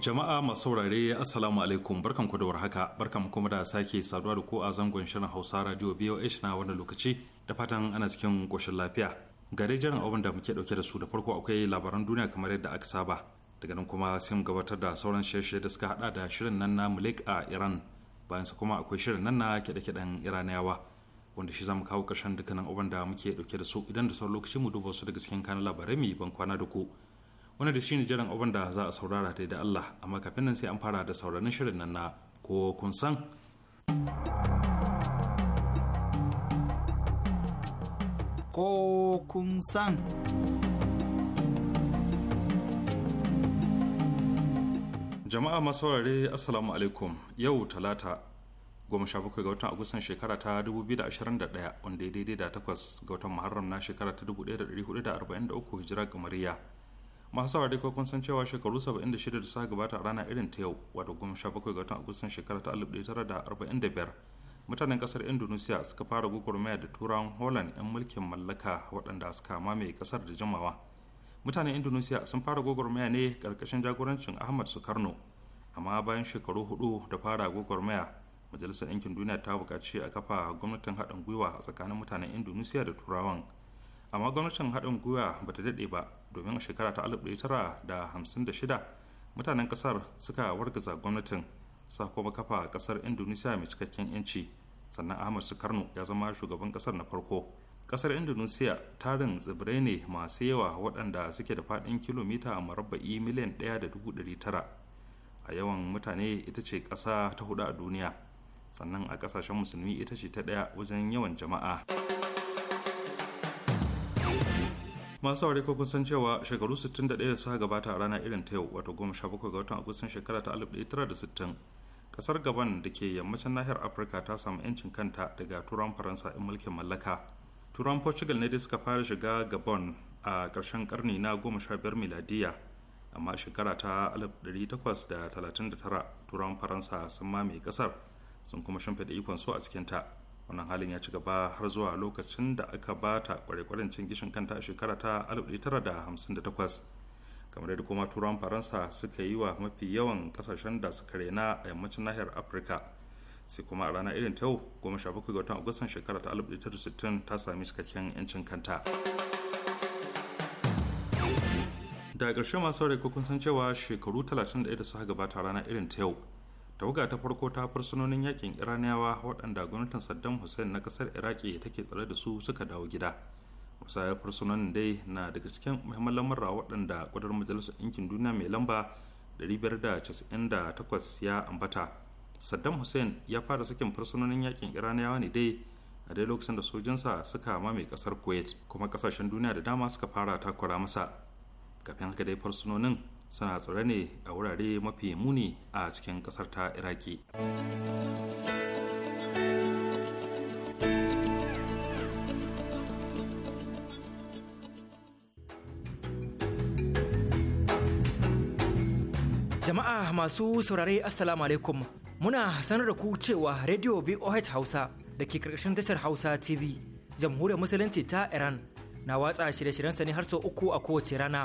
Jama'a masu saurare Assalamu alaikum barkan ku da warhaka barkan kuma da sake saduwa da ku a zangon shirin Hausa Radio BOH na wannan lokaci da fatan ana cikin koshin lafiya. Gare jiran abin da muke dauke da su da farko akwai labaran duniya kamar yadda aka saba daga nan kuma sai mu gabatar da sauran shirye-shirye da suka hada da shirin nan na Malik a Iran bayan sa kuma akwai shirin nan na kiɗe-kiɗen Iraniyawa wanda shi zamu kawo ƙarshen dukkanin abin da muke dauke da su idan da sauran lokaci mu duba su daga cikin kanan labarai mu ban kwana da ku. wani da shine jiran abin da za a saurara ta da Allah amma kafin nan sai an fara da sauranin shirin nan na ko kun san ko kun san jama'a masu saurare assalamu alaikum yau talata goma sha bakwai ga watan agustan shekara ta 2021 wanda ya daidai da takwas ga watan muharram na shekara ta 1443 hijira ga masu saurari ko kun san cewa shekaru 76 da suka gabata a rana irin ta yau wato 17 ga watan agustan shekara ta 1945 mutanen kasar indonesia suka fara gugurmaya da turawan holland 'yan mulkin mallaka waɗanda suka mamaye kasar da jimawa mutanen indonesia sun fara gwagwarmaya ne karkashin jagorancin ahmad sukarno amma bayan shekaru hudu da fara gwagwarmaya majalisar ɗinkin duniya ta buƙaci a kafa gwamnatin haɗin gwiwa a tsakanin mutanen indonesia da turawan amma gwamnatin haɗin gwiwa ba ta daɗe ba domin a shekara ta 1956 mutanen ƙasar suka wargaza gwamnatin sakoma kafa ƙasar indonesia mai cikakken 'yanci sannan ahmad karno ya zama shugaban ƙasar na farko ƙasar indonesia tarin tsibirai ne masu yawa waɗanda suke da faɗin kilomita marabba'i miliyan 1.9 a yawan mutane ita ce ƙasa ta hudu a duniya sannan a ƙasashen musulmi ita ce ta ɗaya wajen yawan jama'a. masu aure ko kun san cewa shekaru 61 da suka gabata a rana irin ta yau wato 17 ga watan agustan shekara ta 1960 kasar gaban da ke yammacin nahiyar afirka ta samu 'yancin kanta daga turan faransa in mulkin mallaka turan portugal ne dai suka fara shiga gabon a karshen karni na 15 miladiya amma shekara ta 1839 turan faransa sun mamaye kasar sun kuma shimfida ikon su a cikin ta wannan halin ya ci gaba har zuwa lokacin da aka ba ta cin gishin kanta a shekara ta 1958 kamar yadda kuma turawan faransa suka yi wa mafi yawan kasashen da suka rena a yammacin nahiyar afirka sai kuma a rana irin ta goma sha bakwai ga watan agustan shekara ta 1960 ta sami cikakken yancin kanta daga ƙarshe masu rai kun san cewa shekaru 31 da suka gabata rana irin ta yau tawaga ta farko ta fursunonin yakin iraniyawa waɗanda gwamnatin saddam hussein na ƙasar iraki take tsare da su suka dawo gida musayar fursunonin dai na daga cikin muhimman lamurra waɗanda ƙudar majalisar ɗinkin duniya mai lamba 598 ya ambata saddam hussein ya fara sakin fursunonin yakin iraniyawa ne dai a dai lokacin da sojinsa suka mame ƙasar kuwait kuma ƙasashen duniya da dama suka fara takura masa kafin haka dai fursunonin suna tsare ne a wurare mafi muni a cikin ƙasar ta iraki jama'a masu saurare assalamu alaikum muna sanar da ku cewa radio voh hausa da ke karkashin tashar hausa tv jamhuriyar musulunci ta iran na watsa shirye sa ne har sau uku a kowace rana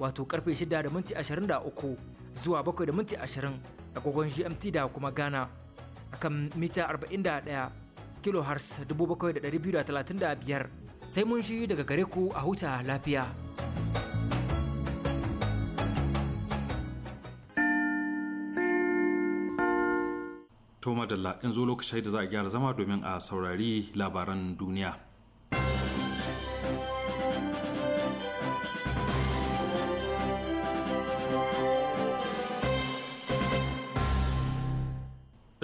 wato karfe 6 da minti 23 zuwa 7 da minti 20 agogon GMT da kuma Ghana akan mita 41 kilohertz 7,235 sai mun shi daga gare ku a huta lafiya. To madalla in zo lokaci da za a gyara zama domin a saurari labaran duniya.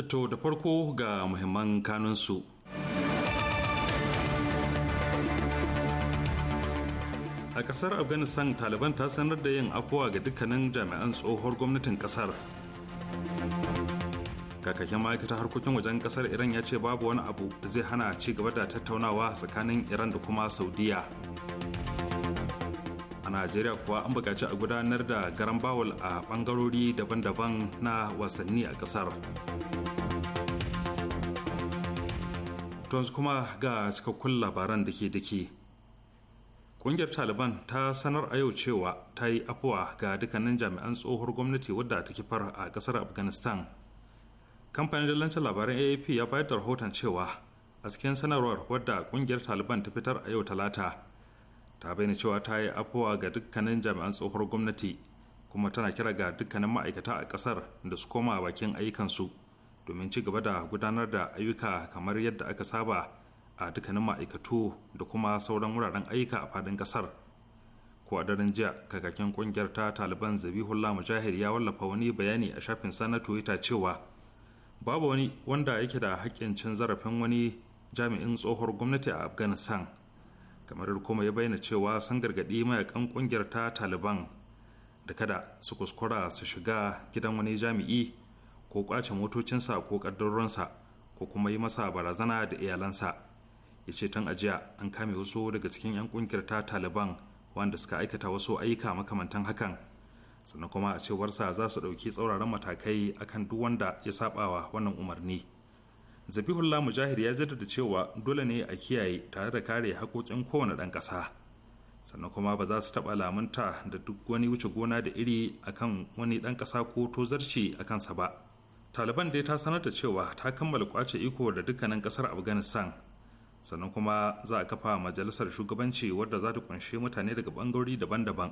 To da farko ga muhimman kanunsu. A kasar Afghanistan Taliban ta sanar da yin afuwa ga dukkanin jami'an tsohuwar gwamnatin kasar. Kakakin ma'aikatar harkokin wajen kasar Iran ya ce babu wani abu da zai hana ci gaba da tattaunawa tsakanin Iran da kuma saudiyya. a najeriya kuwa an buƙaci a gudanar da garan bawul a bangarori daban-daban na wasanni a ƙasar yanzu kuma ga cikakkun labaran da ke dake ƙungiyar taliban ta sanar a yau cewa ta yi afuwa ga dukkanin jami'an tsohuwar gwamnati wadda ta kifar a ƙasar afghanistan kamfanin dalancin labaran aap ya bayar da rahoton cewa a cikin sanarwar wadda ƙungiyar taliban ta fitar a yau talata ta bayyana cewa ta yi afuwa ga dukkanin jami'an tsohuwar gwamnati kuma tana kira ga dukkanin ma'aikata a kasar da su koma bakin ayyukansu domin ci gaba da gudanar da ayyuka kamar yadda aka saba a dukkanin ma'aikatu da kuma sauran wuraren ayyuka a fadin kasar ko a daren jiya kakakin kungiyar ta taliban zabihullah mujahid ya wallafa wani bayani a shafin sa na cewa babu wani wanda yake da haƙƙin cin zarafin wani jami'in tsohuwar gwamnati a afghanistan kamar kuma ya bayyana cewa sun gargaɗi mayakan ƙungiyar ta taliban da kada su kuskura su shiga gidan wani jami'i ko kwace motocinsa ko ƙaddaronsa ko kuma yi masa barazana da iyalansa ya ce tun ajiya an kame wasu daga cikin 'yan ƙungiyar ta taliban wanda suka aikata wasu ayyuka makamantan hakan sannan kuma a cewarsa za su ɗauki tsauraran matakai akan duk wanda ya saɓawa wannan umarni. zabihullah mujahid ya jaddada cewa dole ne a kiyaye tare da kare haƙoƙin kowane ɗan ƙasa sannan kuma ba za su taɓa lamunta da duk wani wuce gona da iri akan wani ɗan ƙasa ko tozarci a kansa ba taliban dai ta sanar da cewa ta kammala kwace iko da dukkanin ƙasar afghanistan sannan kuma za a kafa majalisar shugabanci wadda za ta kunshi mutane daga bangarori daban-daban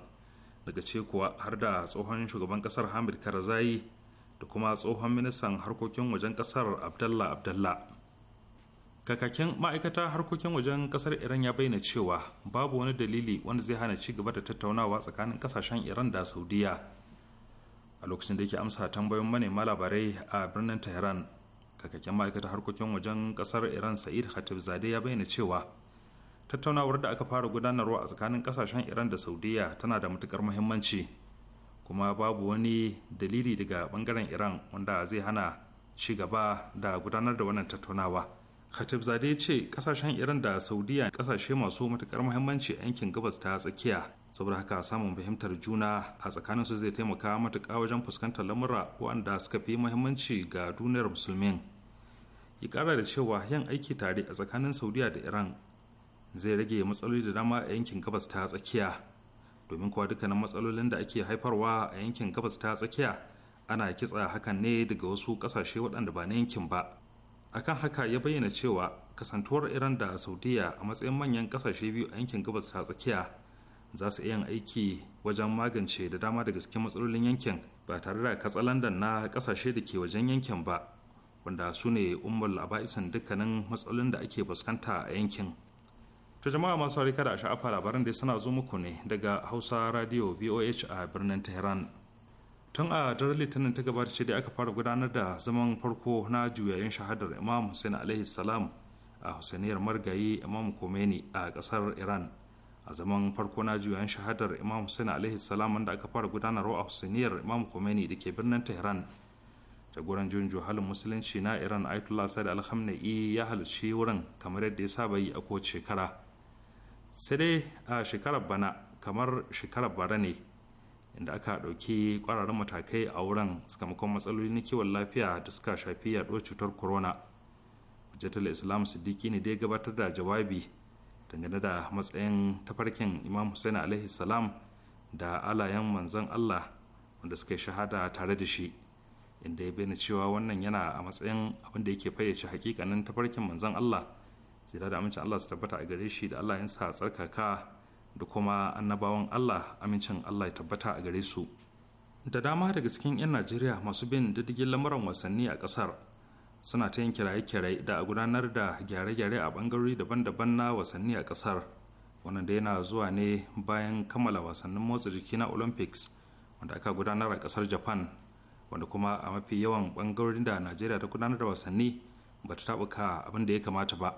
daga ce kuwa har da tsohon shugaban ƙasar hamid karzai da kuma tsohon ministan harkokin wajen kasar abdallah abdallah kakakin ma'aikata harkokin wajen kasar iran ya bayyana cewa babu wani dalili wanda zai hana ci gaba da tattaunawa tsakanin kasashen iran da saudiya a lokacin da yake amsa tambayoyin manema labarai a birnin tehran kakakken ma'aikata harkokin wajen kasar iran sa'id khatib zade ya bayyana cewa tattaunawar da aka fara gudanarwa a tsakanin kasashen iran da saudiya tana da matukar muhimmanci kuma babu wani dalili daga bangaren iran wanda zai hana ci gaba da gudanar da wannan tattaunawa khatib zade ya ce kasashen iran da saudiya kasashe masu matukar muhimmanci a yankin gabas ta tsakiya saboda haka samun fahimtar juna a tsakanin su zai taimaka matuƙa wajen fuskantar lamura wanda suka fi muhimmanci ga duniyar musulmin ya kara da cewa yin aiki tare a tsakanin saudiya da iran zai rage matsaloli da dama a yankin gabas ta tsakiya domin kuwa dukkanin matsalolin da ake haifarwa a yankin gabas ta tsakiya ana kitsa hakan ne daga wasu kasashe waɗanda ba na yankin ba akan haka ya bayyana cewa kasantuwar iran da saudiya a matsayin manyan kasashe biyu a yankin gabas ta tsakiya za su iya aiki wajen magance da dama daga cikin matsalolin yankin ba tare da katsalandan na kasashe da ke wajen yankin ba wanda su ne ummul aba'isan dukkanin matsalolin da ake fuskanta a yankin ta jama'a masu harika da sha'afa labaran da suna zo muku ne daga hausa radio voh a birnin tehran tun a daren litinin ta gabata da aka fara gudanar da zaman farko na juyayin shahadar imam hussein alaihi salam a husainiyar margayi imam komeni a kasar iran a zaman farko na juyayin shahadar imam hussein alaihi salam wanda aka fara gudanarwa a husainiyar imam komeni da ke birnin tehran jagoran juyin halin musulunci na iran ayatollah sa'id al ya halarci wurin kamar yadda ya saba yi a kowace shekara sai dai a shekarar bana kamar shekarar bara ne inda aka ɗauki ƙwararrun matakai a wurin sakamakon matsaloli na kiwon lafiya da suka shafi yaɗuwar cutar corona hujjatul islam siddiqi ne dai gabatar da jawabi dangane da matsayin tafarkin imam hussein alaihi salam da alayen manzon allah wanda suka shahada tare da shi inda ya bayyana cewa wannan yana a matsayin abin da yake fayyace hakikanin tafarkin manzon allah zira da amincin Allah su tabbata a gare shi da Allah ya sa tsarkaka da kuma annabawan Allah amincin Allah ya tabbata a gare su da dama daga cikin 'yan Najeriya masu bin diddigin lamuran wasanni a kasar suna ta yin kiraye-kiraye da a gudanar da gyare-gyare a bangarori daban-daban na wasanni a kasar wannan da yana zuwa ne bayan kammala wasannin motsa jiki na olympics wanda aka gudanar a kasar japan wanda kuma a mafi yawan bangarorin da najeriya ta gudanar da wasanni ba ta taɓuka abin da ya kamata ba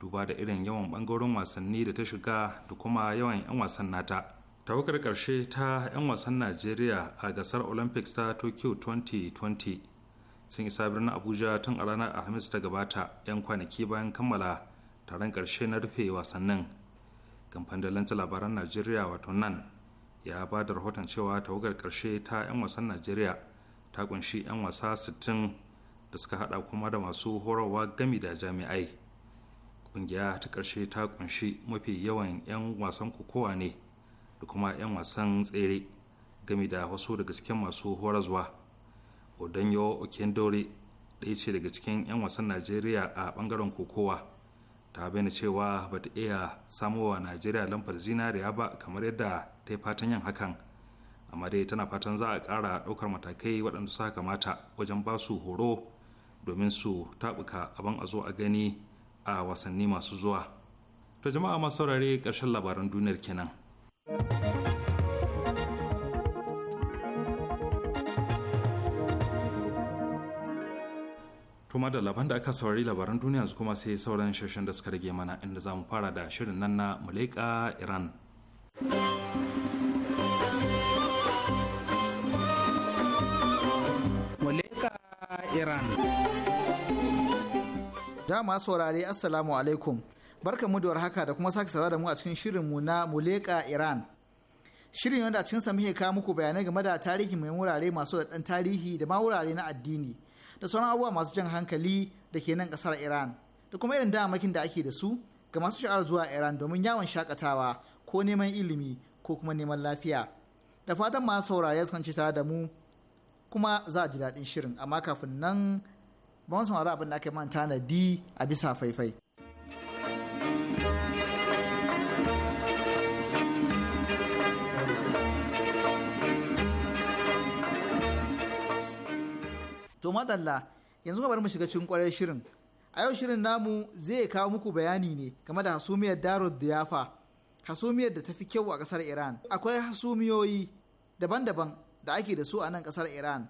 duba da irin yawan bangaren wasanni da ta shiga da kuma yawan 'yan wasan nata tawakar karshe ta 'yan wasan najeriya a gasar olympics ta tokyo 2020 sun isa birnin abuja tun a ranar alhamis ta gabata 'yan kwanaki bayan kammala taron karshe na rufe wasannin kamfanin labaran najeriya wato nan ya ba da rahoton cewa tawagar karshe ta 'yan wasan najeriya ta kunshi 'yan wasa 60 da suka hada kuma da masu horarwa gami da jami'ai ƙungiya ta ƙarshe ta kunshi mafi yawan 'yan wasan kokowa ne da kuma 'yan wasan tsere game da wasu daga cikin masu horazwa odanyo okendore ɗaya ce daga cikin 'yan wasan najeriya a ɓangaren kokowa ta bayyana cewa ba ta iya samowa najeriya lambar zinariya ba kamar yadda ta yi fatan yin hakan amma dai tana fatan za a ƙara ɗaukar matakai waɗanda suka kamata wajen ba su horo domin su taɓuka abin a zo a gani a wasanni masu zuwa to jama'a masu saurare ƙarshen labaran duniyar kenan tuma da laban da aka saurari labaran duniya su kuma sai sauran shirshen da suka rage mana inda za mu fara da shirin nan na malaika iran muleka iran dama saurare Assalamu alaikum. Barka mu da haka da kuma sake saurara da mu a cikin shirinmu na Muleka Iran. Shirin wanda a cikin sa muke kawo muku bayanai game da tarihi mai wurare masu da ɗan tarihi da ma wurare na addini da sauran abubuwa masu jan hankali da ke nan ƙasar Iran da kuma irin damakin da ake da su ga masu sha'ar zuwa Iran domin yawon shakatawa ko neman ilimi ko kuma neman lafiya. Da fatan masu saurare su kan ci tare da mu kuma za a ji daɗin shirin amma kafin nan ba su abin da aka manta na di a bisa faifai to madalla yanzu bari mu shiga cikin kwarar shirin a yau shirin namu zai kawo muku bayani ne game da hasumiyar darul diyafa hasumiyar da ta fi kyau a kasar iran akwai hasumiyoyi daban-daban da ake da su a nan kasar iran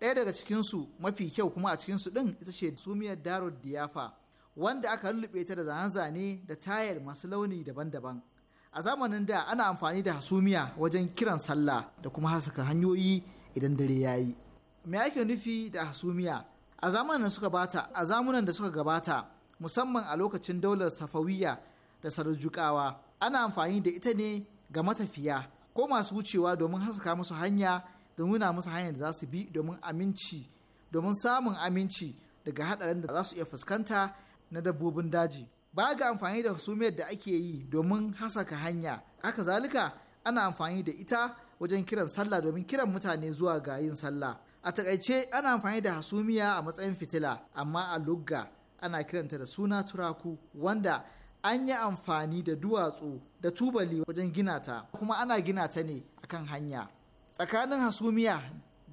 ɗaya daga cikinsu mafi kyau kuma a cikinsu ɗin ita ce sumiyar daro diyafa wanda aka lulluɓe ta da zane-zane da tayar masu launi daban-daban a zamanin da ana amfani da hasumiya wajen kiran sallah da kuma haska hanyoyi idan dare ya yi me ake nufi da hasumiya a zamanin da suka bata a zamunan da suka gabata musamman a lokacin daular safawiya da sarjukawa ana amfani da ita ne ga matafiya ko masu wucewa domin haska musu hanya da nuna musu hanyar da za su bi domin aminci domin samun aminci daga hadarin da za su iya fuskanta na dabbobin daji ba ga amfani da hasumiyar da ake yi domin hasaka hanya haka zalika ana amfani da ita wajen kiran sallah domin kiran mutane zuwa ga yin sallah a takaice ana amfani da hasumiya a matsayin fitila amma a lugga ana kiranta da suna turaku wanda an yi amfani da duwatsu da tubali wajen gina ta kuma ana gina ta ne akan hanya tsakanin hasumiya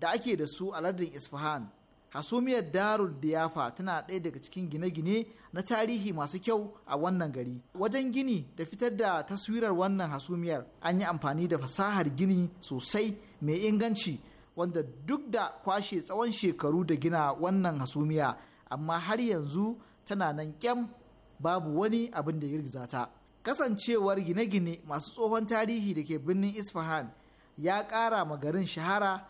da ake da su a lardin isfahan hasumiyar darul diyafa tana ɗaya daga cikin gine-gine na tarihi masu kyau a wannan gari wajen gini da fitar da taswirar wannan hasumiyar an yi amfani da fasahar gini sosai mai inganci wanda duk da kwashe tsawon shekaru da gina wannan hasumiya amma har yanzu tana nan kyam babu wani abin da girgiza kasancewar gine-gine masu tsohon tarihi da ke birnin isfahan ya ƙara ma garin shahara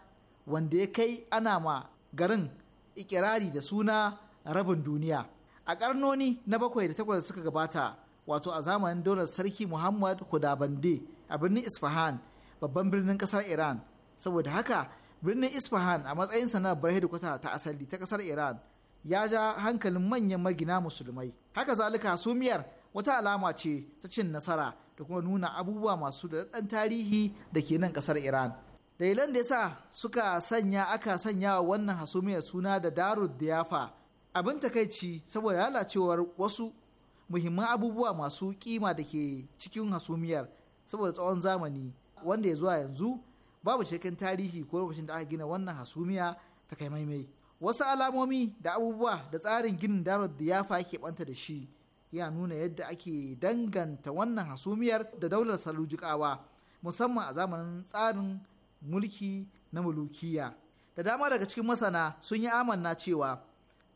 wanda ya kai ana ma garin ikirari da suna rabin duniya a karnoni na bakwai da takwas suka gabata wato a zamanin daular sarki muhammad hudabande a birnin isfahan babban birnin kasar iran saboda haka birnin isfahan a matsayin sanar bar hedikwata ta asali ta kasar iran ya ja hankalin manyan magina musulmai haka zalika hasumiyar wata alama ce ta cin nasara da kuma nuna abubuwa masu da tarihi da ke nan ƙasar Iran. Dalilan da yasa suka sanya aka sanya wa wannan hasumiyar suna da Darud Diyafa abin takaici saboda lalacewar wasu muhimman abubuwa masu kima da ke cikin hasumiyar saboda tsawon zamani wanda ya zuwa yanzu babu cikin tarihi ko lokacin da aka gina wannan hasumiya ta kai maimai wasu alamomi da abubuwa da tsarin ginin darud diyafa ke banta da shi ya nuna yadda ake danganta wannan hasumiyar da daular salujikawa musamman a zamanin tsarin mulki na mulukiya da dama daga cikin masana sun yi amanna cewa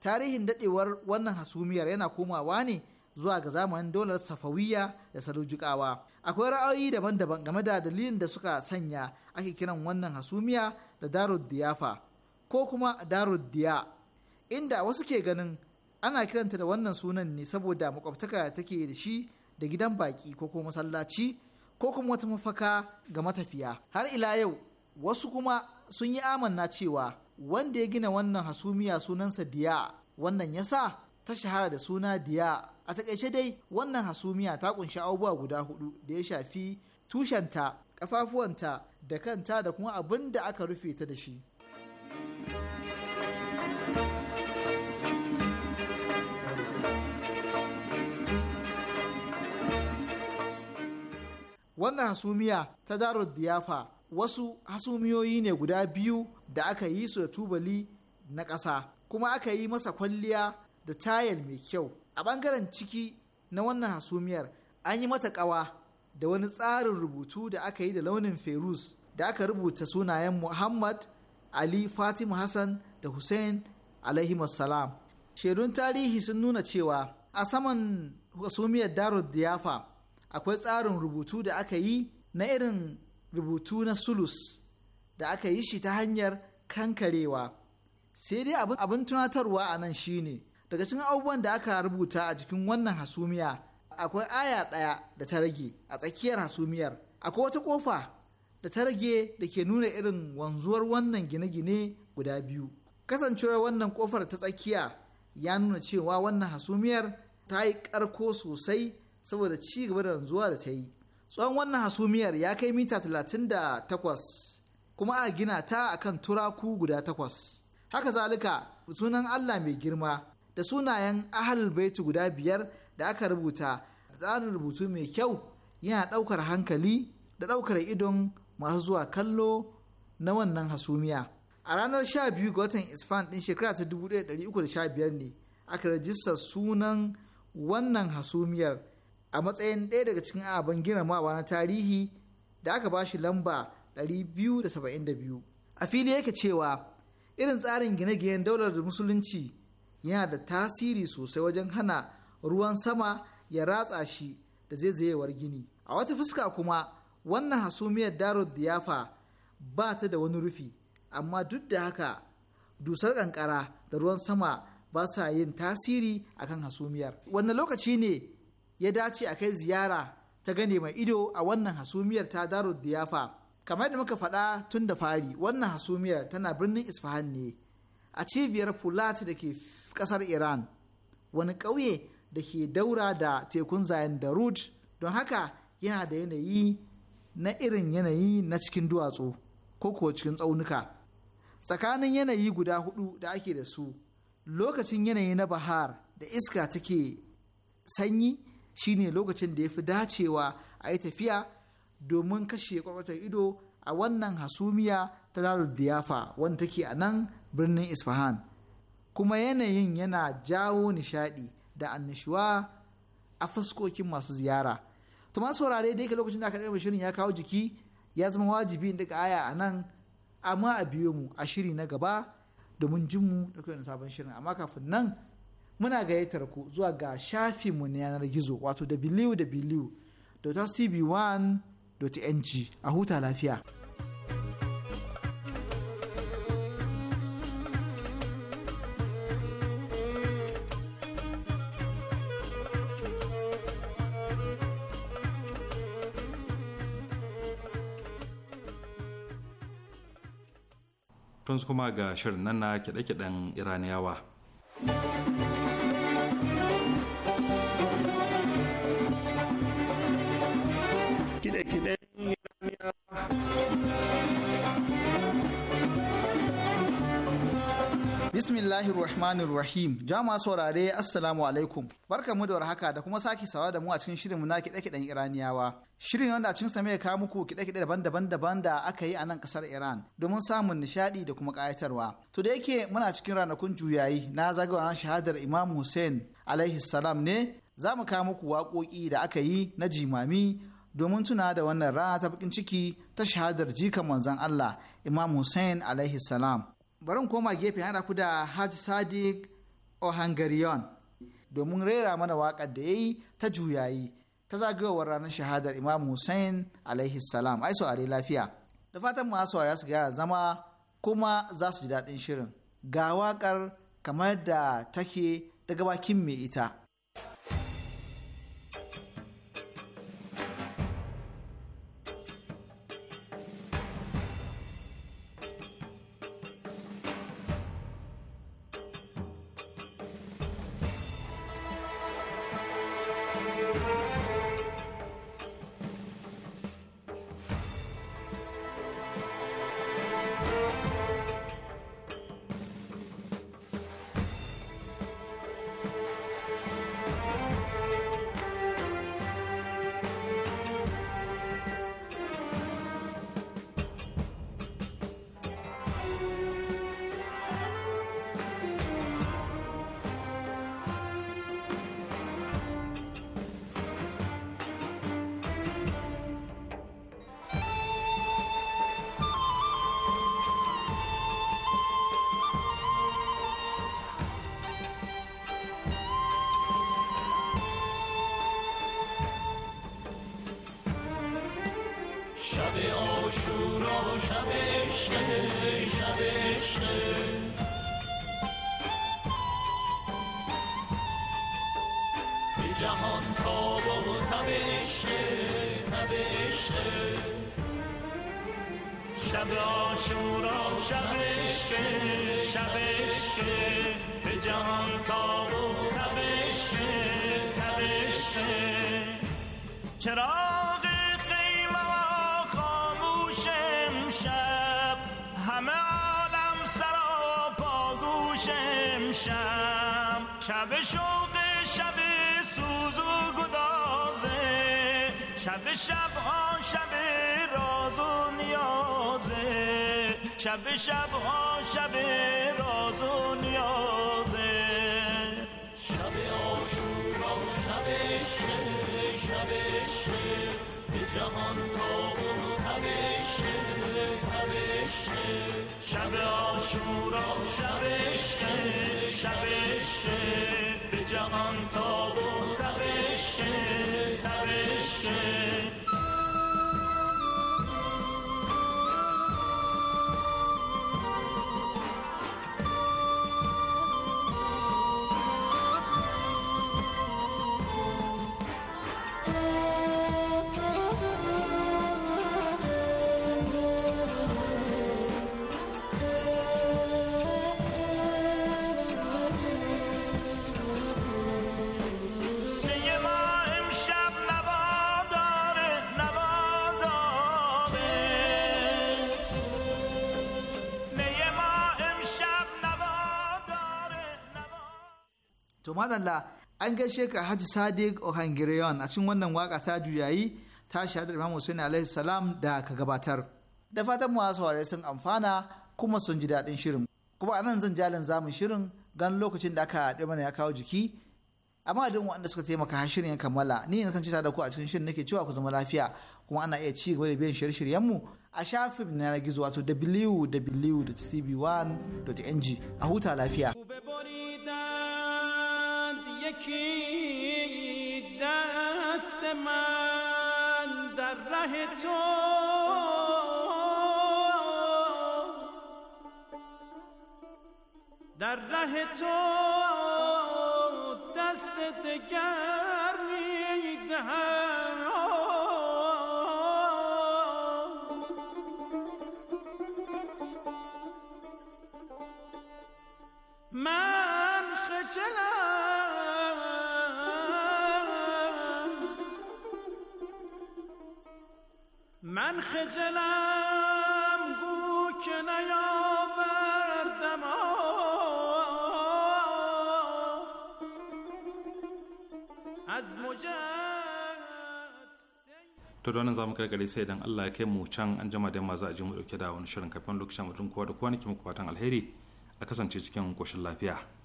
tarihin dadewar wannan hasumiyar yana komawa ne zuwa ga zamanin daular safawiya da salujikawa akwai ra'ayoyi daban-daban game da dalilin da suka sanya ake kiran wannan hasumiya da darud diyafa ko kuma darud diya inda wasu ke ganin ana kiranta da wannan sunan ne saboda makwabtaka take da shi da gidan baki ko kuma masallaci ko kuma wata mafaka ga matafiya har ila yau wasu kuma sun yi amanna cewa wanda ya gina wannan hasumiya sunansa diya wannan ya sa ta shahara da suna diya a takaice dai wannan hasumiya ta kunshi abubuwa guda hudu da ya shafi tushenta kafafuwanta da kanta da kuma abin da aka rufe ta da shi wannan hasumiya ta darul diyafa wasu hasumiyoyi ne guda biyu da aka yi su da tubali na ƙasa kuma aka yi masa kwalliya da tayal mai kyau a ɓangaren ciki na wannan hasumiyar an yi mata ƙawa da wani tsarin rubutu da aka yi da launin ferus da aka rubuta sunayen muhammad ali fatima hassan da hussein salam shaidun tarihi sun nuna cewa a saman hasumiyar darul diyafa akwai tsarin rubutu da aka yi na irin rubutu na sulus da aka yi shi ta hanyar kankarewa sai dai abin tunatarwa a nan shine daga cikin abubuwan da aka rubuta a jikin wannan hasumiya akwai aya ɗaya da ta rage a tsakiyar hasumiyar akwai wata ƙofa da ta rage da ke nuna irin wanzuwar wannan gine-gine guda biyu kasancewar wannan ƙofar ta tsakiya ya nuna cewa wannan hasumiyar ta yi ƙarko sosai saboda ci gaba da zuwa da ta yi tsawon wannan hasumiyar ya kai mita talatin da 38 kuma a gina ta akan turaku guda takwas haka zalika sunan allah mai girma da sunayen ahal baitu guda biyar da aka rubuta a tsarin rubutu mai kyau yana ɗaukar hankali da ɗaukar idon masu zuwa kallo na wannan hasumiya a ranar 12 ga watan isfan ɗin shekara ta 1315 ne aka rajista sunan wannan hasumiyar a matsayin ɗaya daga cikin gina girmamawa na tarihi da aka ba shi lamba 272 a fili yake cewa irin tsarin gine-ginen daular da musulunci yana da tasiri sosai wajen hana ruwan sama ya ratsa shi da zaizayewar gini a wata fuska kuma wannan hasumiyar darud diyafa ba ta da wani rufi amma duk da haka dusar kankara da ruwan sama ba sa yin tasiri akan hasumiyar wannan lokaci ne ya dace a kai ziyara ta gane mai ido a wannan hasumiyar ta daru diyafa kamar da muka faɗa tun da fari wannan hasumiyar tana birnin isfahan ne a cibiyar fulat da ke ƙasar iran wani ƙauye da ke daura da tekun da darut don haka yana da yanayi na irin yanayi na cikin duwatsu ko kuwa cikin tsaunuka tsakanin yanayi guda hudu da ake da su lokacin yanayi na bahar da iska take sanyi shine lokacin da ya fi dacewa a yi tafiya domin kashe kwakwatar ido a wannan hasumiya ta darul diyafa wanda take a nan birnin isfahan kuma yanayin yana jawo nishadi da annishuwa a fuskokin masu ziyara to masu saurare da yake lokacin da aka ɗaya shirin ya kawo jiki ya zama wajibi in daga aya a nan amma a biyo mu a shiri na gaba domin jin mu da sabon shirin amma kafin nan muna gayyatar ku zuwa ga shafinmu na yanar gizo wato www.cb1.ng a huta lafiya. tun kuma ga shirin nan na kiɗe-kiɗen iraniyawa. Bismillahir Rahmanir Rahim. Jama saurare Assalamu alaikum. Barkamu da warhaka da kuma sake sawa da mu a cikin shirinmu na kiɗe-kiɗen Iraniyawa. Shirin wanda a cikin sa kawo muku kiɗe-kiɗe daban-daban daban da aka yi a nan kasar Iran domin samun nishaɗi da kuma kayatarwa To da yake muna cikin ranakun juyayi na na shahadar Imam Hussein alaihi salam ne za mu kawo muku waƙoƙi da aka yi na jimami domin tuna da wannan rana ta bakin ciki ta shahadar jikan manzon Allah Imam Hussein alaihi salam. bari koma gefe hana ku da Hajj Sadiq Ohangariyon domin rera mana waƙar da ya yi ta juyayi ta zagayowar ranar shahadar Imam Hussein alaihi salam ai saurari lafiya. Da fatan masu saurari su gyara zama kuma za su ji daɗin shirin. Ga waƙar kamar da take daga bakin mai ita. شب عشق به جهان تاب و تب عشق تب عشق شب آشورا شب عشق شب عشق به جهان تاب و تب عشق تب عشق چرا امشب شب شوق شب سوز و گدازه شب شب ها شب راز و نیازه شب شب ها شب راز و نیازه شب آشورا شب شب شب شب به جهان تابون و تبشه تبشه شب آشورا شب شب tall. madalla an gaishe ka Hajji Sadiq Ohangireyon a cikin wannan waka ta juyayi ta shahadar Imam Hussein alaihi salam da ka gabatar. Da fatan a saurare sun amfana kuma sun ji daɗin shirin. Kuma anan zan jalin zamun shirin gan lokacin da aka haɗe mana ya kawo jiki. Amma duk waɗanda suka taimaka har shirin ya kammala ni na kan cita da ku a cikin shirin nake cewa ku zama lafiya kuma ana iya ci gaba da biyan shirye mu a shafin na gizo wato www.tv1.ng a huta lafiya. یکی دست من در ره تو در ره تو دست دگر میدهم da zamu gargare sai dan Allah ya kai mu can an jama da maza a ji mu dauke da wani shirin kafin lokacin mutum kowa da kowa nake muku fatan alheri a kasance cikin koshin lafiya